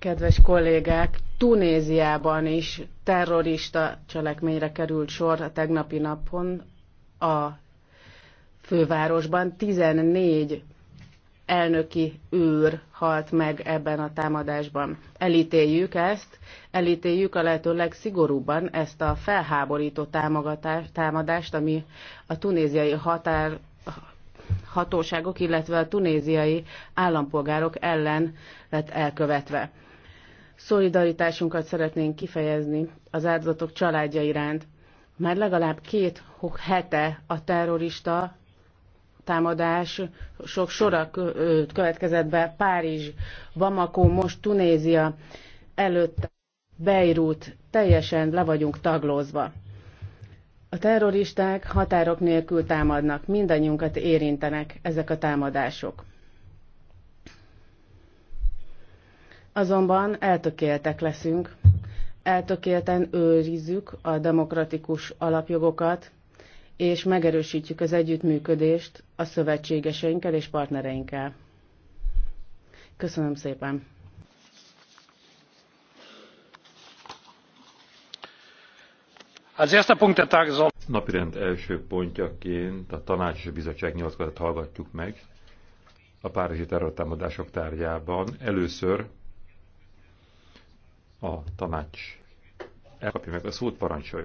Kedves kollégák, Tunéziában is terrorista cselekményre került sor a tegnapi napon a fővárosban. Tizennégy elnöki őr halt meg ebben a támadásban. Elítéljük ezt, elítéljük a lehető legszigorúbban ezt a felháborító támadást, ami a tunéziai határ hatóságok, illetve a tunéziai állampolgárok ellen lett elkövetve. Szolidaritásunkat szeretnénk kifejezni az áldozatok családja iránt. Már legalább két hete a terrorista támadás sok sora következett be Párizs, Bamako, most Tunézia, előtt Beirut, teljesen le vagyunk taglózva. A terroristák határok nélkül támadnak, mindannyiunkat érintenek ezek a támadások. Azonban eltökéltek leszünk, eltökélten őrizzük a demokratikus alapjogokat, és megerősítjük az együttműködést a szövetségeseinkkel és partnereinkkel. Köszönöm szépen! Az Napirend első pontjaként a Tanács és a Bizottság nyilatkozatát hallgatjuk meg a párizsi terrortámadások tárgyában. Először a tanács elkapja meg a szót, parancsoljon.